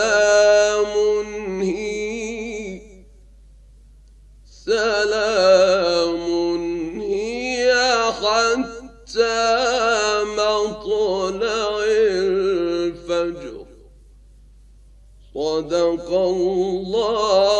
سلام هي سلام هي حتى مطلع الفجر صدق الله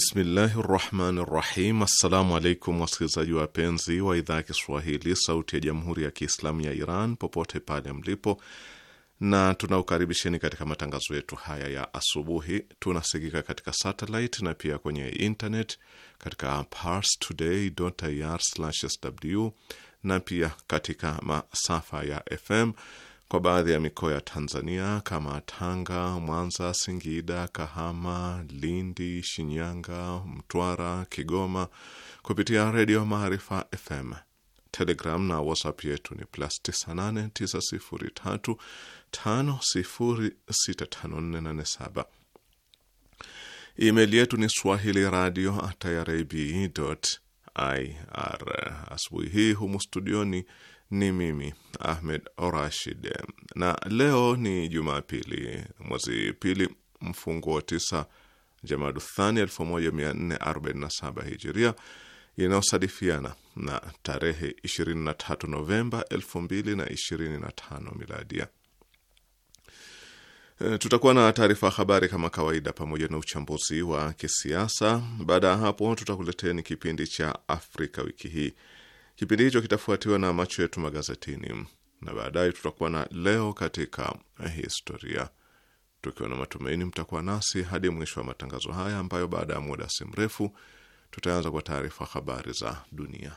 Bismillahi rahmani rahim. Assalamu alaikum wasikilizaji wapenzi wa idhaa ya Kiswahili sauti ya jamhuri ya Kiislamu ya Iran popote pale mlipo, na tunaukaribisheni katika matangazo yetu haya ya asubuhi. Tunasikika katika satellite na pia kwenye internet katika parstoday.ir/sw na pia katika masafa ya FM kwa baadhi ya mikoa ya Tanzania kama Tanga, Mwanza, Singida, Kahama, Lindi, Shinyanga, Mtwara, Kigoma, kupitia Redio Maarifa FM. Telegram na WhatsApp yetu ni plus 989035065487. Email yetu ni swahili radio irib ir. Asubuhi hii humu studioni ni mimi Ahmed Rashid, na leo ni Jumapili, mwezi pili mfunguo tisa Jamadu Thani 1447 Hijiria, inayosadifiana na tarehe 23 Novemba 2025 Miladia. E, tutakuwa na taarifa ya habari kama kawaida, pamoja na uchambuzi wa kisiasa. Baada ya hapo, tutakuleteni kipindi cha Afrika wiki hii Kipindi hicho kitafuatiwa na macho yetu magazetini, na baadaye tutakuwa na leo katika historia, tukiwa na matumaini mtakuwa nasi hadi mwisho wa matangazo haya, ambayo baada ya muda si mrefu tutaanza kwa taarifa habari za dunia.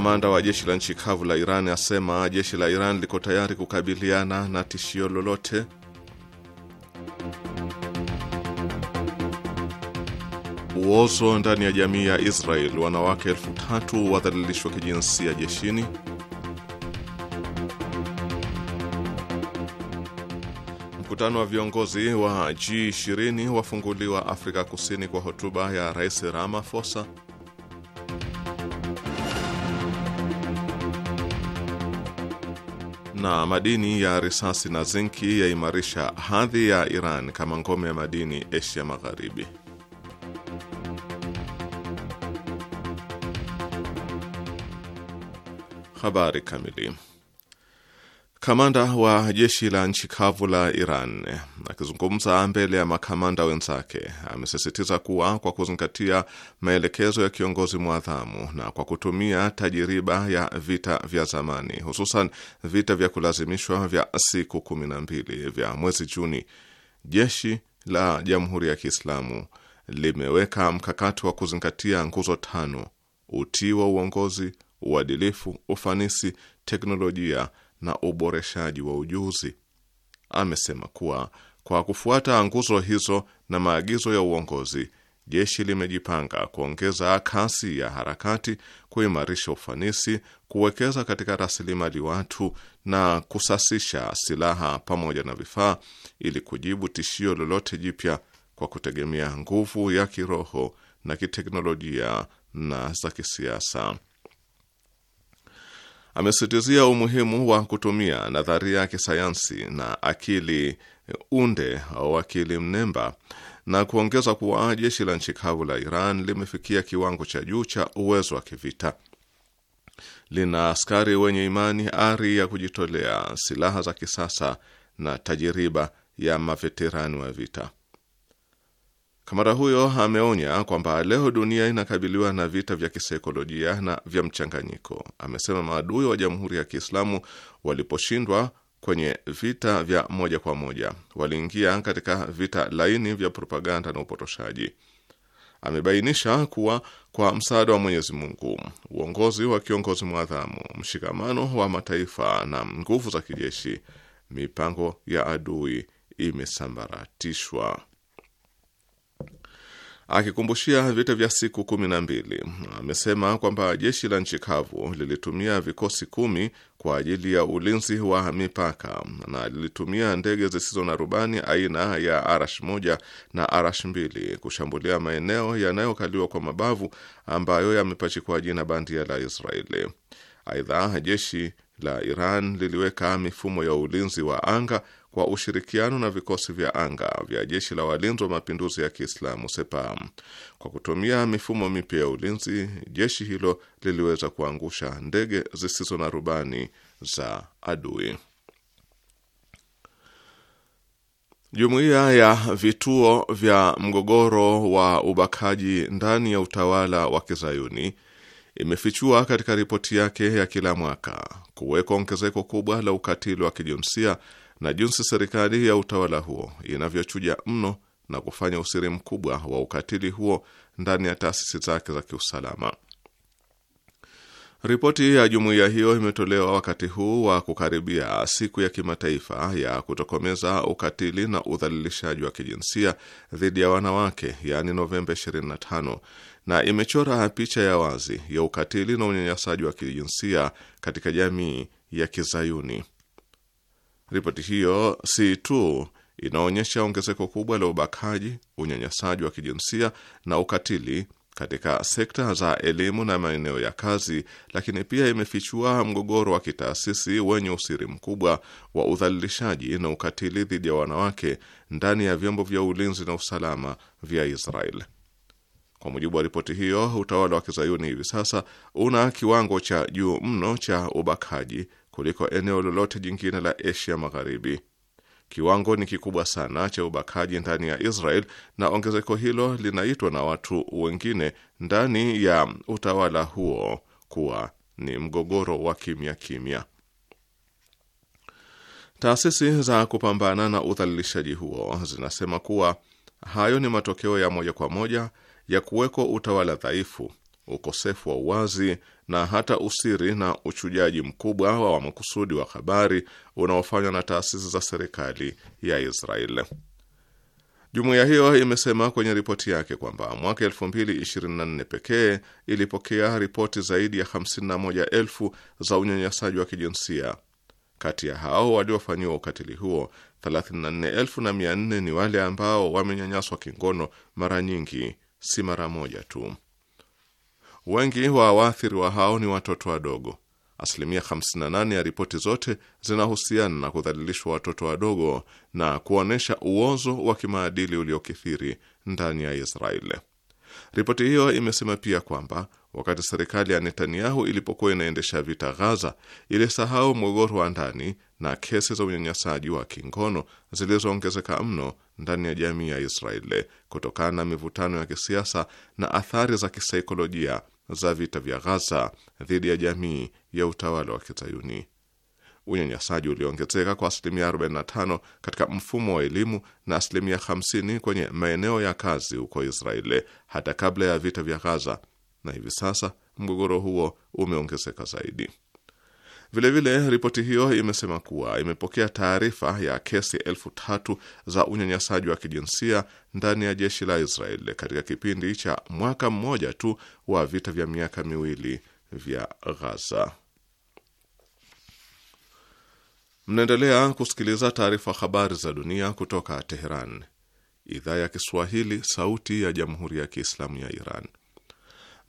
Kamanda wa jeshi la nchi kavu la Iran asema jeshi la Iran liko tayari kukabiliana na tishio lolote. Uozo ndani ya jamii ya Israel, wanawake elfu tatu wadhalilishwa kijinsia jeshini. Mkutano wa viongozi wa G20 wafunguliwa Afrika Kusini kwa hotuba ya Rais Ramaphosa. na madini ya risasi na zinki yaimarisha hadhi ya Iran kama ngome ya madini Asia Magharibi. Habari kamili Kamanda wa jeshi la nchi kavu la Iran akizungumza mbele ya makamanda wenzake amesisitiza kuwa kwa kuzingatia maelekezo ya kiongozi mwadhamu na kwa kutumia tajiriba ya vita vya zamani, hususan vita vya kulazimishwa vya siku kumi na mbili vya mwezi Juni, jeshi la Jamhuri ya Kiislamu limeweka mkakati wa kuzingatia nguzo tano: utii wa uongozi, uadilifu, ufanisi, teknolojia na uboreshaji wa ujuzi. Amesema kuwa kwa kufuata nguzo hizo na maagizo ya uongozi, jeshi limejipanga kuongeza kasi ya harakati, kuimarisha ufanisi, kuwekeza katika rasilimali watu na kusasisha silaha pamoja na vifaa, ili kujibu tishio lolote jipya kwa kutegemea nguvu ya kiroho na kiteknolojia na za kisiasa amesitizia umuhimu wa kutumia nadharia ya kisayansi na akili unde au akili mnemba na kuongeza kuwa jeshi la nchi kavu la Iran limefikia kiwango cha juu cha uwezo wa kivita. Lina askari wenye imani, ari ya kujitolea, silaha za kisasa na tajiriba ya maveterani wa vita. Kamara huyo ameonya kwamba leo dunia inakabiliwa na vita vya kisaikolojia na vya mchanganyiko. Amesema maadui wa Jamhuri ya Kiislamu waliposhindwa kwenye vita vya moja kwa moja, waliingia katika vita laini vya propaganda na upotoshaji. Amebainisha kuwa kwa msaada wa Mwenyezi Mungu, uongozi wa kiongozi mwadhamu, mshikamano wa mataifa na nguvu za kijeshi, mipango ya adui imesambaratishwa. Akikumbushia vita vya siku kumi na mbili amesema kwamba jeshi la nchi kavu lilitumia vikosi kumi kwa ajili ya ulinzi wa mipaka na lilitumia ndege zisizo na rubani aina ya Arash moja na Arash mbili kushambulia maeneo yanayokaliwa kwa mabavu ambayo yamepachikwa jina bandia la Israeli. Aidha, jeshi la Iran liliweka mifumo ya ulinzi wa anga kwa ushirikiano na vikosi vya anga vya jeshi la walinzi wa mapinduzi ya Kiislamu Sepah. Kwa kutumia mifumo mipya ya ulinzi, jeshi hilo liliweza kuangusha ndege zisizo na rubani za adui. Jumuiya ya vituo vya mgogoro wa ubakaji ndani ya utawala wa kizayuni imefichua katika ripoti yake ya kila mwaka kuweka ongezeko kubwa la ukatili wa kijinsia na jinsi serikali ya utawala huo inavyochuja mno na kufanya usiri mkubwa wa ukatili huo ndani ya taasisi zake za kiusalama. Ripoti ya jumuiya hiyo imetolewa wakati huu wa kukaribia siku ya kimataifa ya kutokomeza ukatili na udhalilishaji wa kijinsia dhidi ya wanawake, yaani Novemba 25, na imechora picha ya wazi ya ukatili na unyanyasaji wa kijinsia katika jamii ya Kizayuni. Ripoti hiyo si tu inaonyesha ongezeko kubwa la ubakaji, unyanyasaji wa kijinsia na ukatili katika sekta za elimu na maeneo ya kazi, lakini pia imefichua mgogoro wa kitaasisi wenye usiri mkubwa wa udhalilishaji na ukatili dhidi ya wanawake ndani ya vyombo vya ulinzi na usalama vya Israel. Kwa mujibu wa ripoti hiyo, utawala wa kizayuni hivi sasa una kiwango cha juu mno cha ubakaji kuliko eneo lolote jingine la Asia Magharibi. Kiwango ni kikubwa sana cha ubakaji ndani ya Israel, na ongezeko hilo linaitwa na watu wengine ndani ya utawala huo kuwa ni mgogoro wa kimya kimya. Taasisi za kupambana na udhalilishaji huo zinasema kuwa hayo ni matokeo ya moja kwa moja ya kuweko utawala dhaifu, ukosefu wa uwazi na hata usiri na uchujaji mkubwa wa makusudi wa habari unaofanywa na taasisi za serikali ya Israel. Jumuiya hiyo imesema kwenye ripoti yake kwamba mwaka 2024 pekee ilipokea ripoti zaidi ya 51,000 za unyanyasaji wa kijinsia. Kati ya hao waliofanyiwa ukatili huo 34,400 ni wale ambao wamenyanyaswa kingono mara nyingi, si mara moja tu. Wengi wa waathiriwa hao ni watoto wadogo. Asilimia 58 ya ripoti zote zinahusiana na kudhalilishwa watoto wadogo na kuonyesha uozo wa kimaadili uliokithiri ndani ya Israeli. Ripoti hiyo imesema pia kwamba wakati serikali ya Netanyahu ilipokuwa inaendesha vita Ghaza, ilisahau mgogoro wa ndani na kesi za unyanyasaji wa kingono zilizoongezeka mno ndani ya jamii ya Israeli kutokana na mivutano ya kisiasa na athari za kisaikolojia za vita vya Ghaza dhidi ya jamii ya utawala wa Kizayuni. Unyanyasaji uliongezeka kwa asilimia 45 katika mfumo wa elimu na asilimia 50 kwenye maeneo ya kazi huko Israeli hata kabla ya vita vya Ghaza, na hivi sasa mgogoro huo umeongezeka zaidi. Vilevile, ripoti hiyo imesema kuwa imepokea taarifa ya kesi elfu tatu za unyanyasaji wa kijinsia ndani ya jeshi la Israel katika kipindi cha mwaka mmoja tu wa vita vya miaka miwili vya Ghaza. Mnaendelea kusikiliza taarifa habari za dunia kutoka Teheran, idhaa ya Kiswahili, sauti ya jamhuri ya kiislamu ya Iran.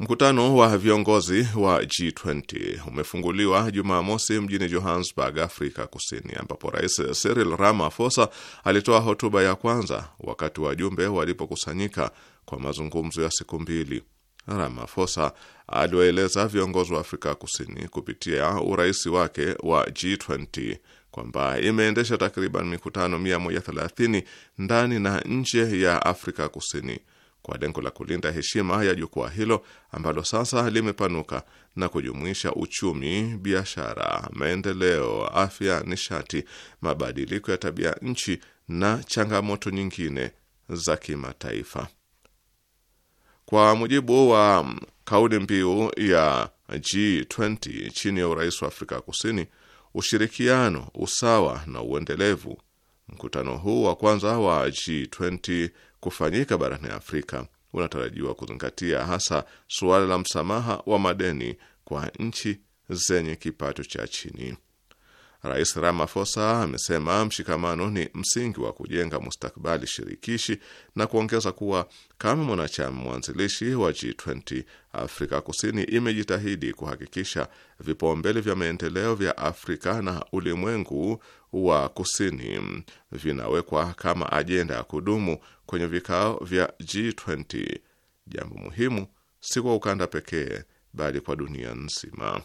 Mkutano wa viongozi wa G20 umefunguliwa Jumamosi mjini Johannesburg, Afrika Kusini, ambapo Rais Cyril Ramaphosa alitoa hotuba ya kwanza wakati wajumbe walipokusanyika kwa mazungumzo ya siku mbili. Ramaphosa aliwaeleza viongozi wa Afrika Kusini kupitia urais wake wa G20 kwamba imeendesha takriban mikutano 130 ndani na nje ya Afrika Kusini kwa lengo la kulinda heshima ya jukwaa hilo ambalo sasa limepanuka na kujumuisha uchumi, biashara, maendeleo, afya, nishati, mabadiliko ya tabia nchi na changamoto nyingine za kimataifa. Kwa mujibu wa kauli mbiu ya G20 chini ya urais wa Afrika Kusini, ushirikiano, usawa na uendelevu, mkutano huu wa kwanza wa G20 kufanyika barani Afrika unatarajiwa kuzingatia hasa suala la msamaha wa madeni kwa nchi zenye kipato cha chini. Rais Ramaphosa amesema mshikamano ni msingi wa kujenga mustakabali shirikishi na kuongeza kuwa kama mwanachama mwanzilishi wa G20, Afrika Kusini imejitahidi kuhakikisha vipaumbele vya maendeleo vya Afrika na ulimwengu wa kusini vinawekwa kama ajenda ya kudumu kwenye vikao vya G20. Jambo muhimu si kwa ukanda pekee, bali kwa dunia nzima.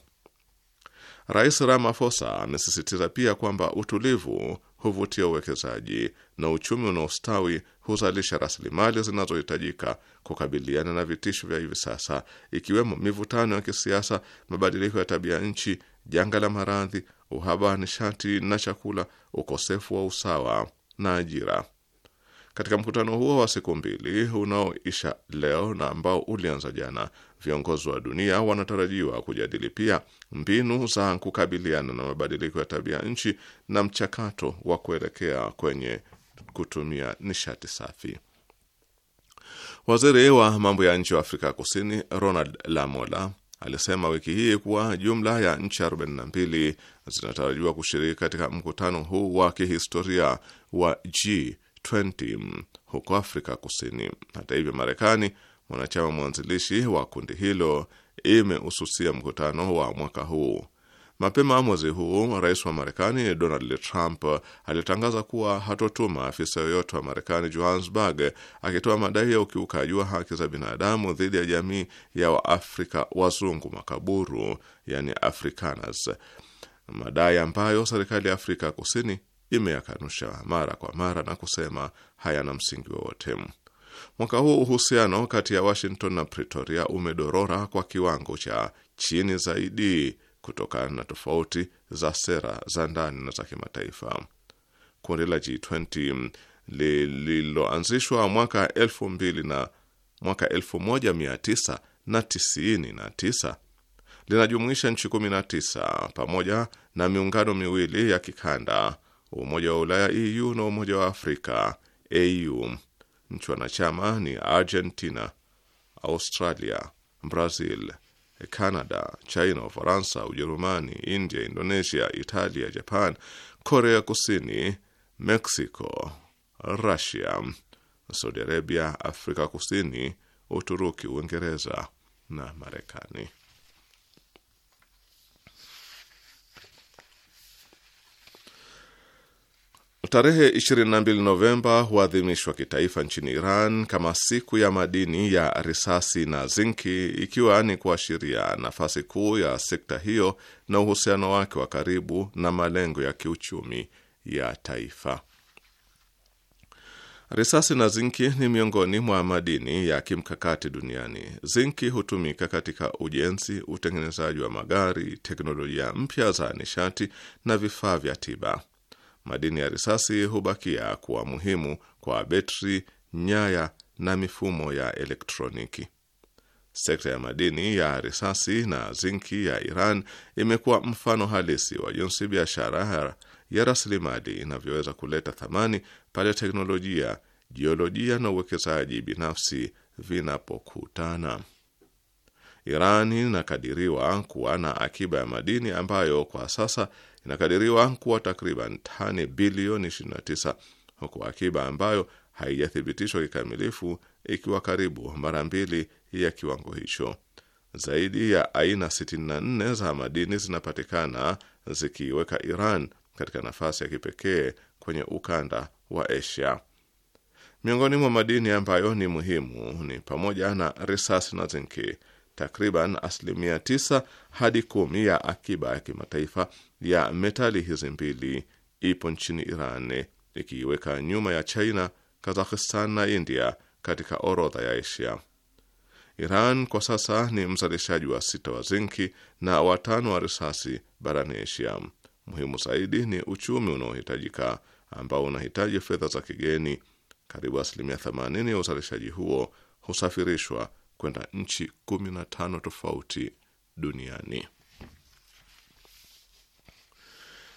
Rais Ramaphosa amesisitiza pia kwamba utulivu huvutia uwekezaji na uchumi unaostawi huzalisha rasilimali zinazohitajika kukabiliana na vitisho vya hivi sasa, ikiwemo mivutano ya kisiasa, mabadiliko ya tabia nchi, janga la maradhi, uhaba wa nishati na chakula, ukosefu wa usawa na ajira. Katika mkutano huo wa siku mbili unaoisha leo na ambao ulianza jana, viongozi wa dunia wanatarajiwa kujadili pia mbinu za kukabiliana na mabadiliko ya tabia nchi na mchakato wa kuelekea kwenye kutumia nishati safi. Waziri wa mambo ya nchi wa Afrika Kusini Ronald Lamola alisema wiki hii kuwa jumla ya nchi 42 zinatarajiwa kushiriki katika mkutano huu wa kihistoria wa G 20 huko Afrika Kusini. Hata hivyo, Marekani, mwanachama mwanzilishi wa kundi hilo, imehususia mkutano wa mwaka huu. Mapema mwezi huu, rais wa Marekani Donald Trump alitangaza kuwa hatotuma afisa yoyote wa Marekani Johannesburg, akitoa madai ya ukiukaji wa haki za binadamu dhidi ya jamii ya Waafrika wazungu makaburu, yani Afrikaners, madai ambayo serikali ya Afrika Kusini imeyakanusha mara kwa mara na kusema hayana msingi wowote. Mwaka huu uhusiano kati ya Washington na Pretoria umedorora kwa kiwango cha chini zaidi kutokana na tofauti za sera za ndani na za kimataifa. Kundi la G20 lililoanzishwa mwaka elfu mbili na mwaka elfu moja mia tisa na tisini na tisa linajumuisha nchi 19 pamoja na miungano miwili ya kikanda Umoja wa Ulaya EU na Umoja wa Afrika AU. Nchi wanachama ni Argentina, Australia, Brazil, Canada, China, Ufaransa, Ujerumani, India, Indonesia, Italia, Japan, Korea Kusini, Mexico, Russia, Saudi Arabia, Afrika Kusini, Uturuki, Uingereza na Marekani. Tarehe 22 Novemba huadhimishwa kitaifa nchini Iran kama siku ya madini ya risasi na zinki, ikiwa ni kuashiria nafasi kuu ya sekta hiyo na uhusiano wake wa karibu na malengo ya kiuchumi ya taifa. Risasi na zinki ni miongoni mwa madini ya kimkakati duniani. Zinki hutumika katika ujenzi, utengenezaji wa magari, teknolojia mpya za nishati na vifaa vya tiba madini ya risasi hubakia kuwa muhimu kwa betri, nyaya na mifumo ya elektroniki. Sekta ya madini ya risasi na zinki ya Iran imekuwa mfano halisi wa jinsi biashara ya rasilimali inavyoweza kuleta thamani pale teknolojia, jiolojia na uwekezaji binafsi vinapokutana. Iran inakadiriwa kuwa na akiba ya madini ambayo kwa sasa inakadiriwa kuwa takriban tani bilioni 29 huku akiba ambayo haijathibitishwa kikamilifu ikiwa karibu mara mbili ya kiwango hicho. Zaidi ya aina 64 za madini zinapatikana zikiiweka Iran katika nafasi ya kipekee kwenye ukanda wa Asia. Miongoni mwa madini ambayo ni muhimu ni pamoja na risasi na zinki. Takriban asilimia 9 hadi kumi ya akiba ya kimataifa ya metali hizi mbili ipo nchini Iran ikiiweka nyuma ya China, Kazakhstan na India katika orodha ya Asia. Iran kwa sasa ni mzalishaji wa sita wa zinki na watano wa risasi barani Asia. Muhimu zaidi ni uchumi unaohitajika ambao unahitaji fedha za kigeni. Karibu asilimia 80 ya uzalishaji huo husafirishwa kwenda nchi 15 tofauti duniani.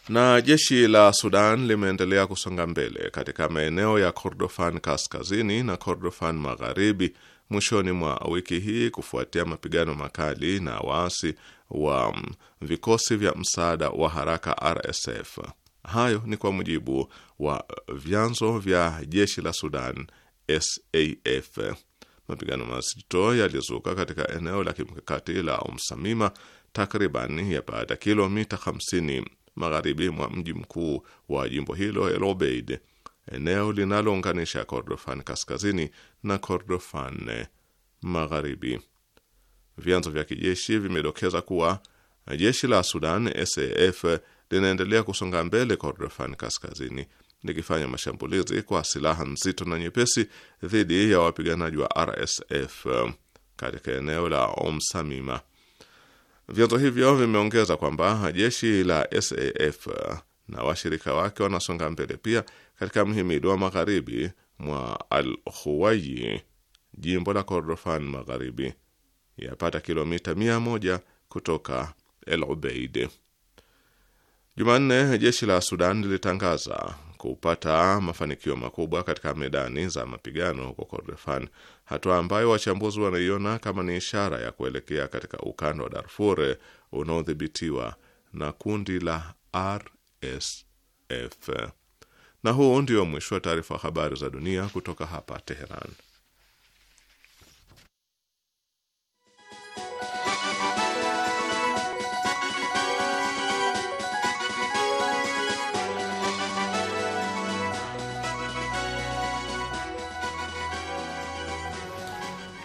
Na jeshi la Sudan limeendelea kusonga mbele katika maeneo ya Kordofan kaskazini na Kordofan magharibi mwishoni mwa wiki hii kufuatia mapigano makali na waasi wa mm, vikosi vya msaada wa haraka RSF. Hayo ni kwa mujibu wa vyanzo vya jeshi la Sudan SAF. Mapigano mazito yalizuka katika eneo la kimkakati la Umsamima takriban yapata kilomita 50 magharibi mwa mji mkuu wa jimbo hilo El Obeid, eneo linalounganisha Kordofan kaskazini na Kordofan magharibi. Vyanzo vya kijeshi vimedokeza kuwa jeshi la Sudan SAF linaendelea kusonga mbele Kordofan kaskazini likifanya mashambulizi kwa silaha nzito na nyepesi dhidi ya wapiganaji wa RSF katika eneo la Omsamima Vyanzo hivyo vimeongeza kwamba jeshi la SAF na washirika wake wanasonga mbele pia katika mhimili wa magharibi mwa Al-Huwayi, jimbo la Kordofan Magharibi, yapata kilomita mia moja kutoka El Ubeid. Jumanne, jeshi la Sudan lilitangaza kupata mafanikio makubwa katika medani za mapigano huko Kordofan, hatua ambayo wachambuzi wanaiona kama ni ishara ya kuelekea katika ukanda wa Darfur unaodhibitiwa na kundi la RSF. Na huu ndio mwisho wa taarifa habari za dunia kutoka hapa Teheran.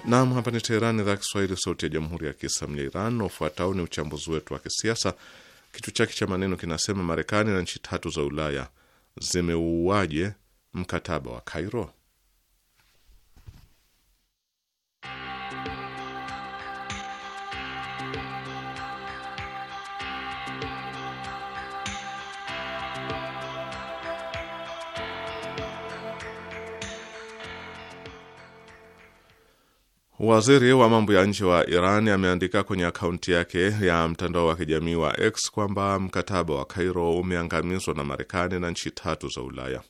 Naam, hapa ni Teherani, idhaa Kiswahili, sauti ya jamhuri ya kiislamu ya Iran. Na ufuatao ni uchambuzi wetu wa kisiasa, kichwa chake cha maneno kinasema Marekani na nchi tatu za Ulaya zimeuaje mkataba wa Kairo. Waziri wa mambo ya nje wa Iran ameandika kwenye akaunti yake ya mtandao wa kijamii wa X kwamba mkataba wa cairo umeangamizwa na Marekani na nchi tatu za Ulaya.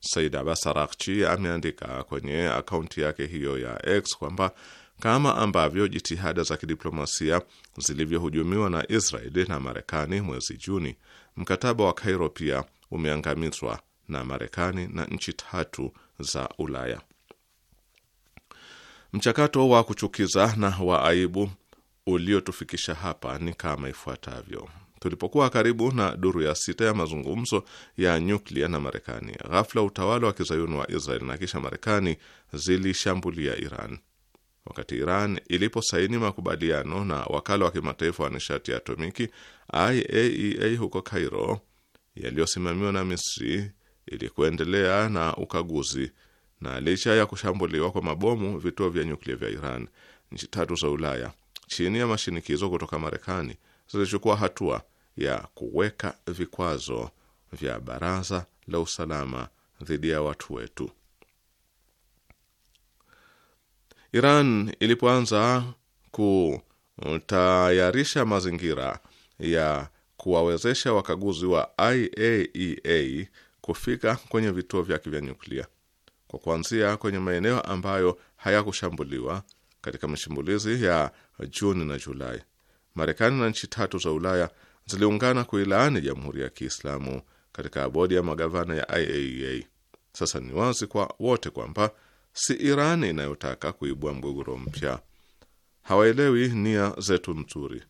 Said Abbas Araghchi ameandika kwenye akaunti yake hiyo ya X kwamba kama ambavyo jitihada za kidiplomasia zilivyohujumiwa na Israeli na Marekani mwezi Juni, mkataba wa Kairo pia umeangamizwa na Marekani na nchi tatu za Ulaya. Mchakato wa kuchukiza na wa aibu uliotufikisha hapa ni kama ifuatavyo. Tulipokuwa karibu na duru ya sita ya mazungumzo ya nyuklia na Marekani, ghafla utawala wa kizayuni wa Israel na kisha Marekani zilishambulia Iran. Wakati Iran iliposaini makubaliano na wakala wa kimataifa wa nishati ya atomiki IAEA e huko Cairo, yaliyosimamiwa na Misri ili kuendelea na ukaguzi na licha ya kushambuliwa kwa mabomu vituo vya nyuklia vya Iran, nchi tatu za Ulaya chini ya mashinikizo kutoka Marekani zilichukua hatua ya kuweka vikwazo vya Baraza la Usalama dhidi ya watu wetu. Iran ilipoanza kutayarisha mazingira ya kuwawezesha wakaguzi wa IAEA e kufika kwenye vituo vyake vya nyuklia kwa kuanzia kwenye maeneo ambayo hayakushambuliwa katika mashambulizi ya Juni na Julai. Marekani na nchi tatu za Ulaya ziliungana kuilaani Jamhuri ya Kiislamu katika bodi ya magavana ya IAEA. E Sasa ni wazi kwa wote kwamba si Irani inayotaka kuibua mgogoro mpya. Hawaelewi nia zetu nzuri.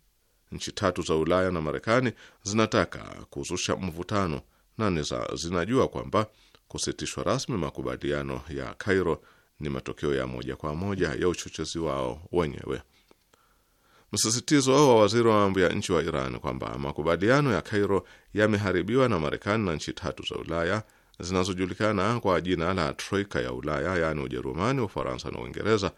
Nchi tatu za Ulaya na Marekani zinataka kuzusha mvutano na niza zinajua kwamba Kusitishwa rasmi makubaliano ya Cairo ni matokeo ya moja kwa moja ya uchochezi wao wenyewe. Msisitizo wa waziri wa mambo ya nchi wa Iran kwamba makubaliano ya Cairo yameharibiwa na Marekani na nchi tatu za Ulaya zinazojulikana kwa jina la Troika ya Ulaya, yaani Ujerumani, Ufaransa na Uingereza,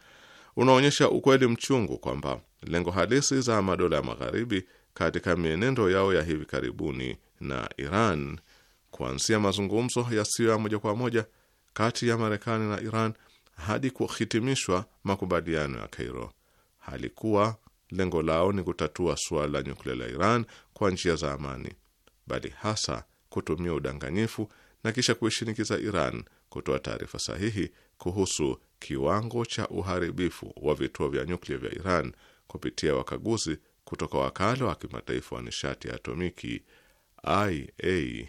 unaonyesha ukweli mchungu kwamba lengo halisi za madola ya magharibi katika mienendo yao ya hivi karibuni na Iran kuanzia mazungumzo yasiyo ya moja kwa moja kati ya Marekani na Iran hadi kuhitimishwa makubaliano ya Cairo. Halikuwa lengo lao ni kutatua suala la nyuklia la Iran kwa njia za amani, bali hasa kutumia udanganyifu na kisha kuishinikiza Iran kutoa taarifa sahihi kuhusu kiwango cha uharibifu wa vituo vya nyuklia vya Iran kupitia wakaguzi kutoka wakala wa kimataifa wa nishati ya atomiki IAEA.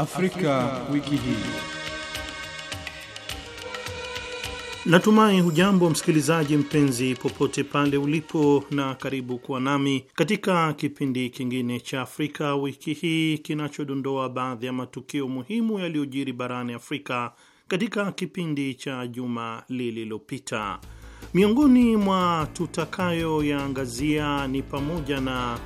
Afrika wiki hii. Natumai hujambo msikilizaji mpenzi, popote pale ulipo, na karibu kuwa nami katika kipindi kingine cha Afrika wiki hii kinachodondoa baadhi ya matukio muhimu yaliyojiri barani Afrika katika kipindi cha juma lililopita. Miongoni mwa tutakayoyaangazia ni pamoja na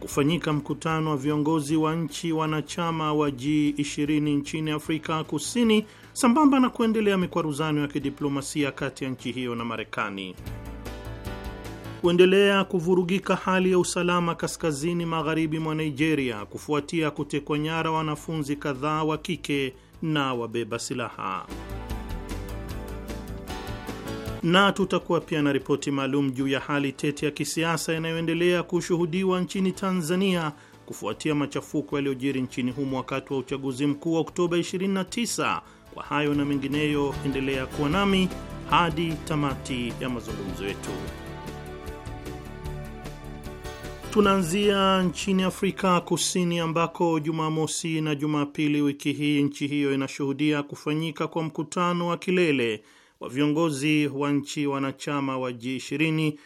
kufanyika mkutano wa viongozi wa nchi wanachama wa G20 nchini Afrika Kusini sambamba na kuendelea mikwaruzano ya kidiplomasia kati ya nchi hiyo na Marekani. Kuendelea kuvurugika hali ya usalama kaskazini magharibi mwa Nigeria kufuatia kutekwa nyara wanafunzi kadhaa wa kike na wabeba silaha na tutakuwa pia na ripoti maalum juu ya hali tete ya kisiasa inayoendelea kushuhudiwa nchini Tanzania kufuatia machafuko yaliyojiri nchini humo wakati wa uchaguzi mkuu wa Oktoba 29. Kwa hayo na mengineyo, endelea kuwa nami hadi tamati ya mazungumzo yetu. Tunaanzia nchini Afrika Kusini ambako Jumamosi na Jumapili wiki hii nchi hiyo inashuhudia kufanyika kwa mkutano wa kilele wa viongozi wa nchi wanachama wa G20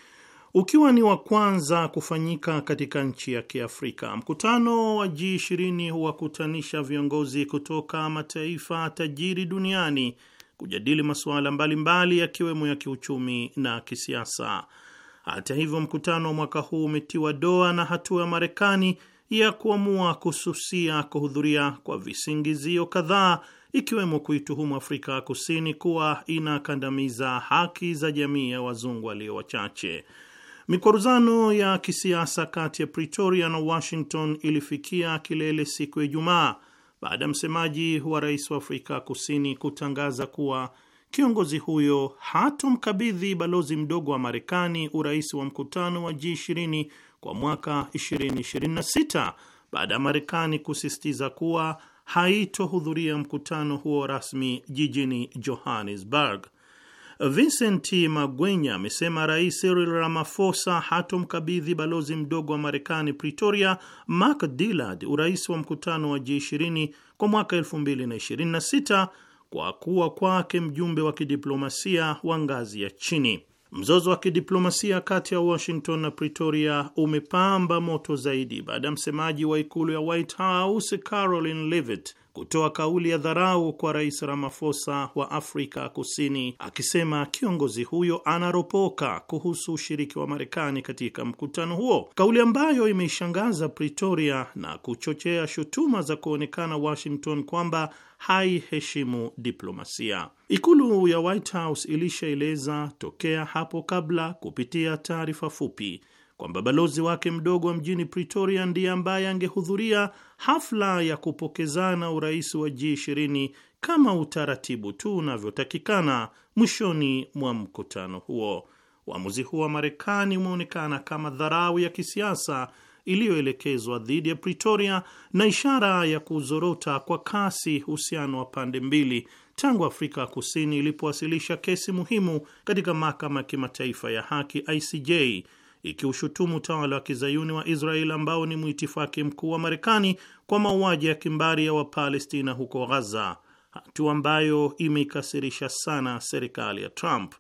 ukiwa ni wa kwanza kufanyika katika nchi ya Kiafrika. Mkutano wa G20 huwakutanisha viongozi kutoka mataifa tajiri duniani kujadili masuala mbalimbali yakiwemo ya kiuchumi na kisiasa. Hata hivyo, mkutano wa mwaka huu umetiwa doa na hatua ya Marekani ya kuamua kususia kuhudhuria kwa visingizio kadhaa ikiwemo kuituhumu Afrika Kusini kuwa inakandamiza haki za jamii ya wazungu walio wachache. Mikwaruzano ya kisiasa kati ya Pretoria na Washington ilifikia kilele siku ya Ijumaa baada ya msemaji wa rais wa Afrika Kusini kutangaza kuwa kiongozi huyo hatomkabidhi balozi mdogo wa Marekani urais wa mkutano wa G20 kwa mwaka 2026 baada ya Marekani kusisitiza kuwa haitohudhuria mkutano huo rasmi jijini Johannesburg. Vincent Magwenya amesema Rais Cyril Ramaphosa hatomkabidhi balozi mdogo wa Marekani Pretoria Mark Dillard urais wa mkutano wa G20 kwa mwaka 2026 kwa kuwa kwake mjumbe wa kidiplomasia wa ngazi ya chini. Mzozo wa kidiplomasia kati ya Washington na Pretoria umepamba moto zaidi baada ya msemaji wa ikulu ya White House Caroline Levitt kutoa kauli ya dharau kwa Rais Ramaphosa wa Afrika Kusini, akisema kiongozi huyo anaropoka kuhusu ushiriki wa Marekani katika mkutano huo, kauli ambayo imeishangaza Pretoria na kuchochea shutuma za kuonekana Washington kwamba haiheshimu diplomasia. Ikulu ya White House ilishaeleza tokea hapo kabla kupitia taarifa fupi kwamba balozi wake mdogo wa mjini Pretoria ndiye ambaye angehudhuria hafla ya kupokezana urais wa G20 kama utaratibu tu unavyotakikana mwishoni mwa mkutano huo. Uamuzi huo wa Marekani umeonekana kama dharau ya kisiasa iliyoelekezwa dhidi ya Pretoria na ishara ya kuzorota kwa kasi uhusiano wa pande mbili tangu Afrika Kusini ilipowasilisha kesi muhimu katika mahakama ya kimataifa ya haki ICJ ikiushutumu utawala wa kizayuni wa Israel ambao ni mwitifaki mkuu wa Marekani kwa mauaji ya kimbari ya Wapalestina huko Ghaza, hatua ambayo imeikasirisha sana serikali ya Trump.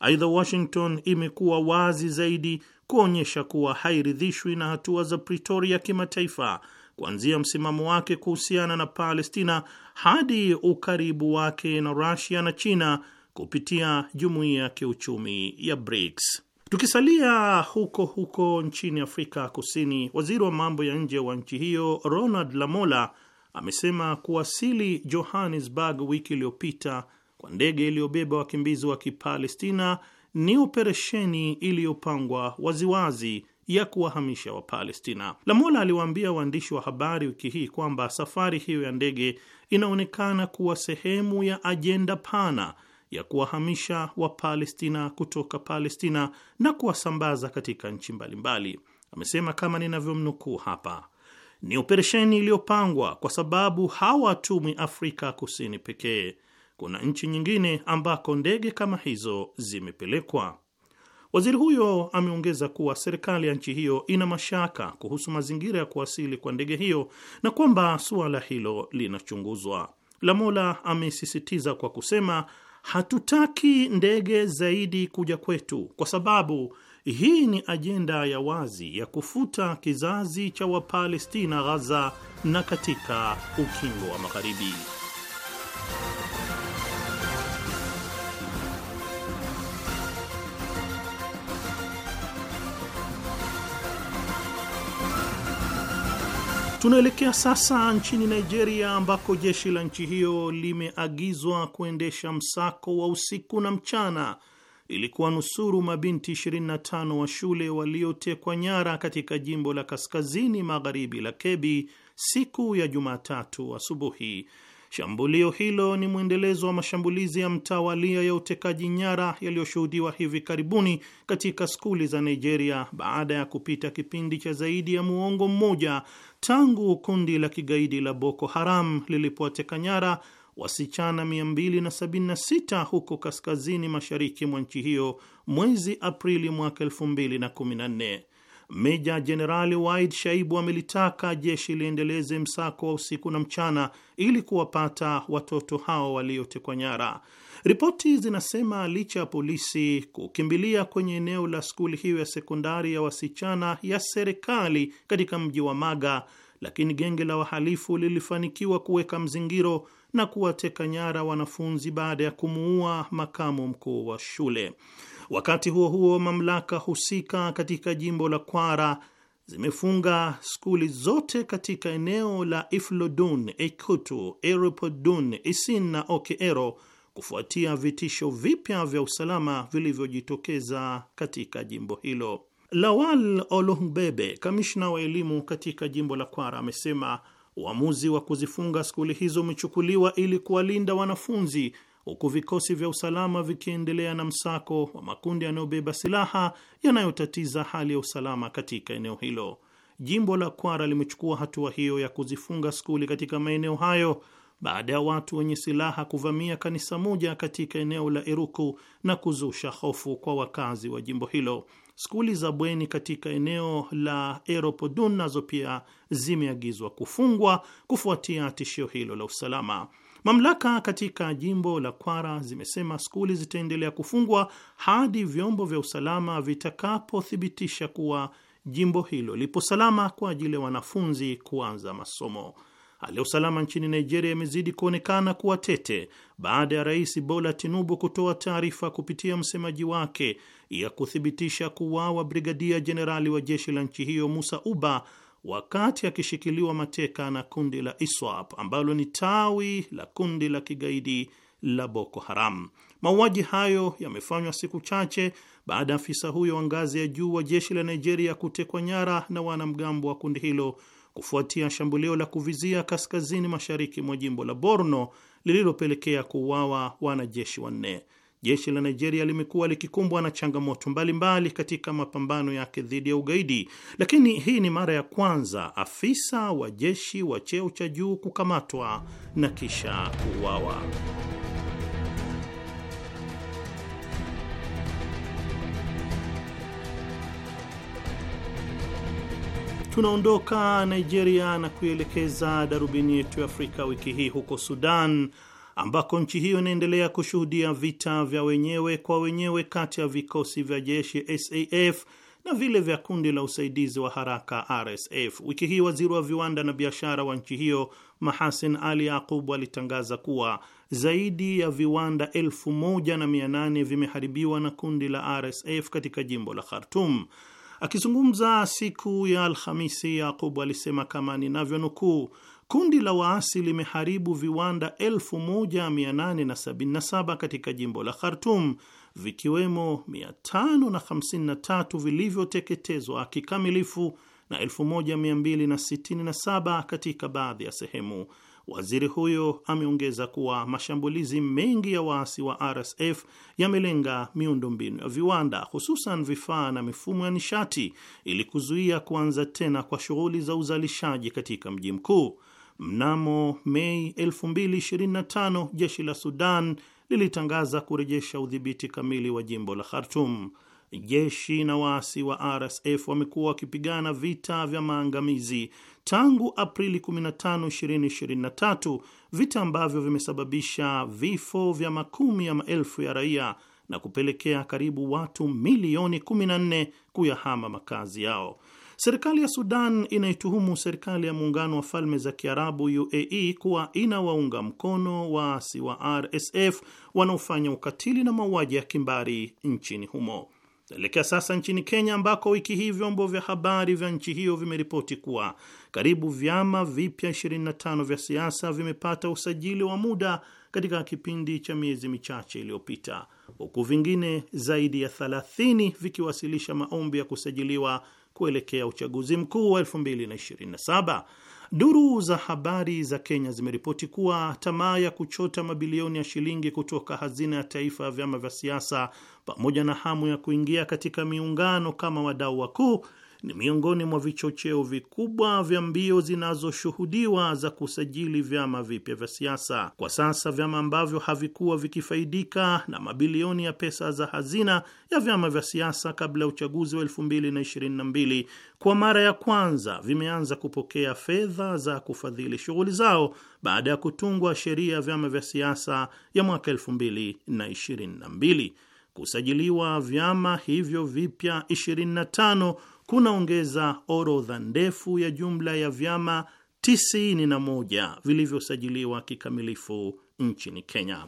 Aidha, Washington imekuwa wazi zaidi kuonyesha kuwa hairidhishwi na hatua za Pretoria kimataifa, kuanzia msimamo wake kuhusiana na Palestina hadi ukaribu wake na Rusia na China kupitia jumuiya ya kiuchumi ya BRICS. Tukisalia huko huko nchini Afrika Kusini, waziri wa mambo ya nje wa nchi hiyo Ronald Lamola amesema kuwasili Johannesburg wiki iliyopita kwa ndege iliyobeba wakimbizi wa Kipalestina ni operesheni iliyopangwa waziwazi ya kuwahamisha Wapalestina. Lamola aliwaambia waandishi wa habari wiki hii kwamba safari hiyo ya ndege inaonekana kuwa sehemu ya ajenda pana ya kuwahamisha Wapalestina kutoka Palestina na kuwasambaza katika nchi mbalimbali. Amesema kama ninavyomnukuu hapa, ni operesheni iliyopangwa kwa sababu hawatumi Afrika Kusini pekee kuna nchi nyingine ambako ndege kama hizo zimepelekwa. Waziri huyo ameongeza kuwa serikali ya nchi hiyo ina mashaka kuhusu mazingira ya kuwasili kwa ndege hiyo na kwamba suala hilo linachunguzwa. Lamola amesisitiza kwa kusema, hatutaki ndege zaidi kuja kwetu kwa sababu hii ni ajenda ya wazi ya kufuta kizazi cha Wapalestina Ghaza na katika ukingo wa Magharibi. Tunaelekea sasa nchini Nigeria ambako jeshi la nchi hiyo limeagizwa kuendesha msako wa usiku na mchana ili kuwanusuru mabinti 25 wa shule waliotekwa nyara katika jimbo la kaskazini magharibi la Kebbi siku ya Jumatatu asubuhi. Shambulio hilo ni mwendelezo wa mashambulizi ya mtawalia ya utekaji nyara yaliyoshuhudiwa hivi karibuni katika skuli za Nigeria baada ya kupita kipindi cha zaidi ya muongo mmoja tangu kundi la kigaidi la Boko Haram lilipowateka nyara wasichana 276 huko kaskazini mashariki mwa nchi hiyo mwezi Aprili mwaka 2014. Meja Jenerali Waid Shaibu amelitaka jeshi liendeleze msako wa usiku na mchana ili kuwapata watoto hao waliotekwa nyara. Ripoti zinasema licha ya polisi kukimbilia kwenye eneo la skuli hiyo ya sekondari ya wasichana ya serikali katika mji wa Maga, lakini genge la wahalifu lilifanikiwa kuweka mzingiro na kuwateka nyara wanafunzi baada ya kumuua makamu mkuu wa shule. Wakati huo huo, mamlaka husika katika jimbo la Kwara zimefunga skuli zote katika eneo la Iflodun, Ekutu, Eropodun, Isin na Okeero kufuatia vitisho vipya vya usalama vilivyojitokeza katika jimbo hilo. Lawal Olohbebe, kamishna wa elimu katika jimbo la Kwara, amesema uamuzi wa kuzifunga skuli hizo umechukuliwa ili kuwalinda wanafunzi huku vikosi vya usalama vikiendelea na msako wa makundi yanayobeba silaha yanayotatiza hali ya usalama katika eneo hilo. Jimbo la Kwara limechukua hatua hiyo ya kuzifunga skuli katika maeneo hayo baada ya watu wenye silaha kuvamia kanisa moja katika eneo la Iruku na kuzusha hofu kwa wakazi wa jimbo hilo. Skuli za bweni katika eneo la Eropodun nazo pia zimeagizwa kufungwa kufuatia tishio hilo la usalama. Mamlaka katika jimbo la Kwara zimesema skuli zitaendelea kufungwa hadi vyombo vya usalama vitakapothibitisha kuwa jimbo hilo lipo salama kwa ajili ya wanafunzi kuanza masomo. Hali ya usalama nchini Nigeria imezidi kuonekana kuwa tete baada ya Rais Bola Tinubu kutoa taarifa kupitia msemaji wake ya kuthibitisha kuuawa Brigadia Jenerali wa jeshi la nchi hiyo Musa Uba wakati akishikiliwa mateka na kundi la ISWAP ambalo ni tawi la kundi la kigaidi la Boko Haram. Mauaji hayo yamefanywa siku chache baada ya afisa huyo wa ngazi ya juu wa jeshi la Nigeria kutekwa nyara na wanamgambo wa kundi hilo kufuatia shambulio la kuvizia kaskazini mashariki mwa jimbo la Borno lililopelekea kuuawa wanajeshi wanne. Jeshi la Nigeria limekuwa likikumbwa na changamoto mbalimbali katika mapambano yake dhidi ya ugaidi, lakini hii ni mara ya kwanza afisa wa jeshi wa cheo cha juu kukamatwa na kisha kuuawa. Tunaondoka Nigeria na kuielekeza darubini yetu ya Afrika wiki hii huko Sudan ambako nchi hiyo inaendelea kushuhudia vita vya wenyewe kwa wenyewe kati ya vikosi vya jeshi SAF na vile vya kundi la usaidizi wa haraka RSF. Wiki hii waziri wa viwanda na biashara wa nchi hiyo Mahasin Ali Yaqubu alitangaza kuwa zaidi ya viwanda elfu moja na mia nane vimeharibiwa na kundi la RSF katika jimbo la Khartum. Akizungumza siku ya Alhamisi, Yaqub alisema kama ninavyonukuu Kundi la waasi limeharibu viwanda 1877 katika jimbo la Khartum, vikiwemo 553 vilivyoteketezwa kikamilifu na 1267 katika baadhi ya sehemu. Waziri huyo ameongeza kuwa mashambulizi mengi ya waasi wa RSF yamelenga miundombinu ya viwanda, hususan vifaa na mifumo ya nishati, ili kuzuia kuanza tena kwa shughuli za uzalishaji katika mji mkuu. Mnamo Mei 2025 jeshi la Sudan lilitangaza kurejesha udhibiti kamili wa jimbo la Khartum. Jeshi na waasi wa RSF wamekuwa wakipigana vita vya maangamizi tangu Aprili 15, 2023, vita ambavyo vimesababisha vifo vya makumi ya maelfu ya raia na kupelekea karibu watu milioni 14 kuyahama makazi yao. Serikali ya Sudan inaituhumu serikali ya muungano wa falme za Kiarabu UAE kuwa inawaunga mkono waasi wa RSF wanaofanya ukatili na mauaji ya kimbari nchini humo. Tunaelekea sasa nchini Kenya ambako wiki hii vyombo vya habari vya nchi hiyo vimeripoti kuwa karibu vyama vipya 25 vya siasa vimepata usajili wa muda katika kipindi cha miezi michache iliyopita, huku vingine zaidi ya 30 vikiwasilisha maombi ya kusajiliwa kuelekea uchaguzi mkuu wa 2027. Duru za habari za Kenya zimeripoti kuwa tamaa ya kuchota mabilioni ya shilingi kutoka hazina ya taifa ya vyama vya siasa pamoja na hamu ya kuingia katika miungano kama wadau wakuu ni miongoni mwa vichocheo vikubwa vya mbio zinazoshuhudiwa za kusajili vyama vipya vya siasa. Kwa sasa vyama ambavyo havikuwa vikifaidika na mabilioni ya pesa za hazina ya vyama vya siasa kabla ya uchaguzi wa 2022 kwa mara ya kwanza vimeanza kupokea fedha za kufadhili shughuli zao baada ya kutungwa sheria ya vyama vya siasa ya mwaka 2022. Kusajiliwa vyama hivyo vipya 25 kunaongeza orodha ndefu ya jumla ya vyama 91 vilivyosajiliwa kikamilifu nchini Kenya.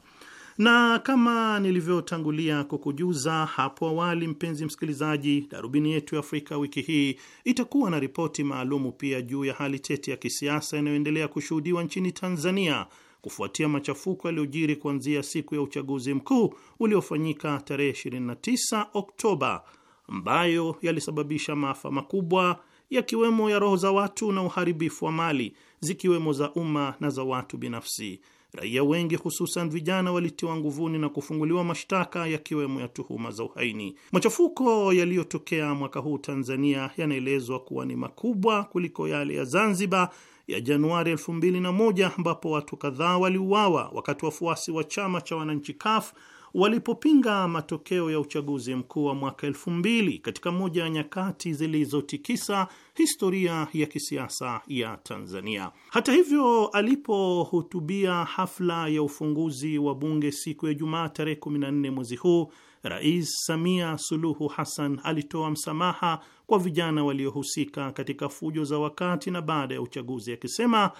Na kama nilivyotangulia kukujuza hapo awali, mpenzi msikilizaji, darubini yetu ya Afrika wiki hii itakuwa na ripoti maalumu pia juu ya hali tete ya kisiasa inayoendelea kushuhudiwa nchini Tanzania kufuatia machafuko yaliyojiri kuanzia siku ya uchaguzi mkuu uliofanyika tarehe 29 Oktoba ambayo yalisababisha maafa makubwa yakiwemo ya roho za watu na uharibifu wa mali zikiwemo za umma na za watu binafsi. Raia wengi hususan vijana walitiwa nguvuni na kufunguliwa mashtaka yakiwemo ya tuhuma za uhaini. Machafuko yaliyotokea mwaka huu Tanzania yanaelezwa kuwa ni makubwa kuliko yale ya Zanzibar ya Januari 2001 ambapo watu kadhaa waliuawa wakati wafuasi wa chama cha wananchi CUF walipopinga matokeo ya uchaguzi mkuu wa mwaka elfu mbili katika moja ya nyakati zilizotikisa historia ya kisiasa ya Tanzania. Hata hivyo, alipohutubia hafla ya ufunguzi wa bunge siku ya Jumaa tarehe 14 mwezi huu, Rais Samia Suluhu Hassan alitoa msamaha kwa vijana waliohusika katika fujo za wakati na baada ya uchaguzi, akisema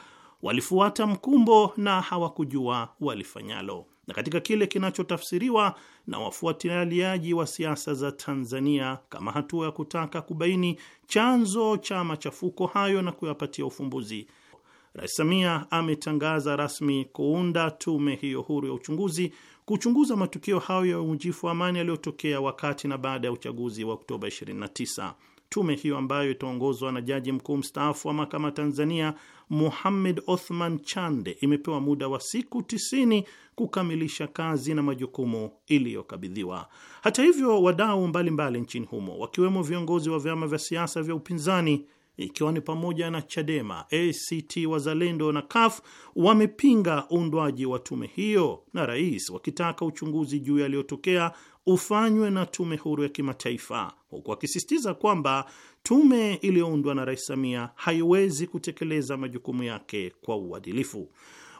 walifuata mkumbo na hawakujua walifanyalo na katika kile kinachotafsiriwa na wafuatiliaji wa siasa za Tanzania kama hatua ya kutaka kubaini chanzo cha machafuko hayo na kuyapatia ufumbuzi. Rais Samia ametangaza rasmi kuunda tume hiyo huru ya uchunguzi kuchunguza matukio hayo ya uvunjifu wa amani yaliyotokea wakati na baada ya uchaguzi wa Oktoba 29. Tume hiyo ambayo itaongozwa na jaji mkuu mstaafu wa mahakama Tanzania Mohamed Othman Chande imepewa muda wa siku tisini kukamilisha kazi na majukumu iliyokabidhiwa. Hata hivyo, wadau mbalimbali nchini humo wakiwemo viongozi wa vyama vya siasa vya upinzani ikiwa ni pamoja na Chadema, ACT Wazalendo na CUF wamepinga uundwaji wa tume hiyo na rais, wakitaka uchunguzi juu yaliyotokea ufanywe na tume huru ya kimataifa, huku akisisitiza kwamba tume iliyoundwa na Rais Samia haiwezi kutekeleza majukumu yake kwa uadilifu.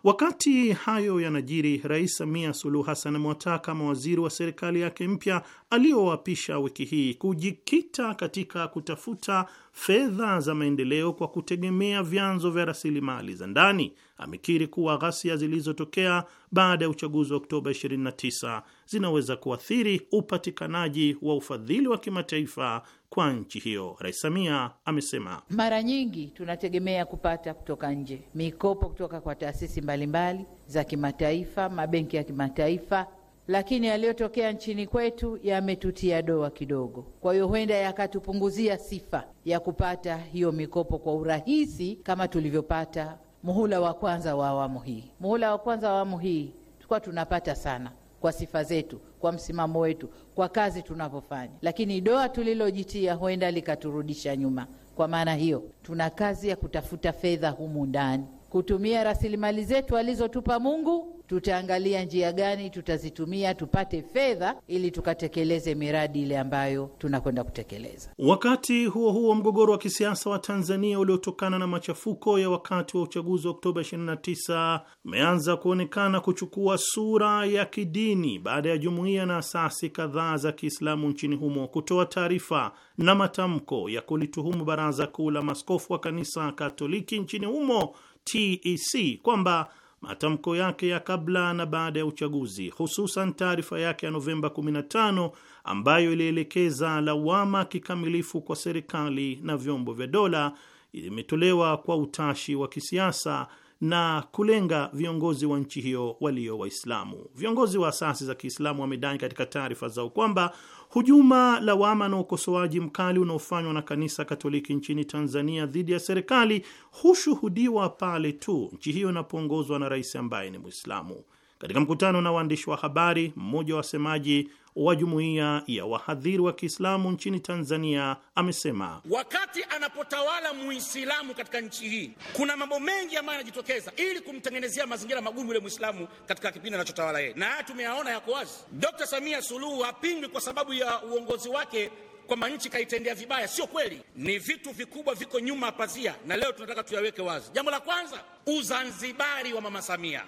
Wakati hayo yanajiri, Rais Samia Suluhu Hassan amewataka mawaziri wa serikali yake mpya aliyowapisha wiki hii kujikita katika kutafuta fedha za maendeleo kwa kutegemea vyanzo vya rasilimali za ndani. Amekiri kuwa ghasia zilizotokea baada ya uchaguzi wa Oktoba 29 zinaweza kuathiri upatikanaji wa ufadhili wa kimataifa kwa nchi hiyo. Rais Samia amesema mara nyingi tunategemea kupata kutoka nje mikopo kutoka kwa taasisi mbalimbali za kimataifa, mabenki ya kimataifa, lakini yaliyotokea nchini kwetu yametutia doa kidogo. Kwa hiyo huenda yakatupunguzia sifa ya kupata hiyo mikopo kwa urahisi kama tulivyopata muhula wa kwanza wa awamu hii. Muhula wa kwanza wa awamu hii tulikuwa tunapata sana kwa sifa zetu kwa msimamo wetu, kwa kazi tunavyofanya, lakini doa tulilojitia huenda likaturudisha nyuma. Kwa maana hiyo, tuna kazi ya kutafuta fedha humu ndani, kutumia rasilimali zetu alizotupa Mungu tutaangalia njia gani tutazitumia tupate fedha ili tukatekeleze miradi ile ambayo tunakwenda kutekeleza. Wakati huo huo, mgogoro wa kisiasa wa Tanzania uliotokana na machafuko ya wakati wa uchaguzi wa Oktoba 29 umeanza kuonekana kuchukua sura ya kidini baada ya jumuiya na asasi kadhaa za Kiislamu nchini humo kutoa taarifa na matamko ya kulituhumu Baraza Kuu la Maskofu wa Kanisa Katoliki nchini humo TEC kwamba matamko yake ya kabla na baada ya uchaguzi, hususan taarifa yake ya Novemba 15 ambayo ilielekeza lawama kikamilifu kwa serikali na vyombo vya dola, imetolewa kwa utashi wa kisiasa na kulenga viongozi wa nchi hiyo walio Waislamu. Viongozi wa asasi za Kiislamu wamedai katika taarifa zao kwamba hujuma, lawama na ukosoaji mkali unaofanywa na kanisa Katoliki nchini Tanzania dhidi ya serikali hushuhudiwa pale tu nchi hiyo inapoongozwa na rais ambaye ni Mwislamu. Katika mkutano na waandishi wa habari, mmoja wa wasemaji wa jumuiya ya wahadhiri wa Kiislamu nchini Tanzania amesema wakati anapotawala Muislamu katika nchi hii kuna mambo mengi ambayo yanajitokeza ili kumtengenezea mazingira magumu yule Muislamu katika kipindi anachotawala yeye, na haya tumeyaona yako wazi. Dr. Samia Suluhu hapingwi kwa sababu ya uongozi wake kwamba nchi kaitendea vibaya, sio kweli. Ni vitu vikubwa viko nyuma ya pazia, na leo tunataka tuyaweke wazi. Jambo la kwanza, uzanzibari wa mama Samia.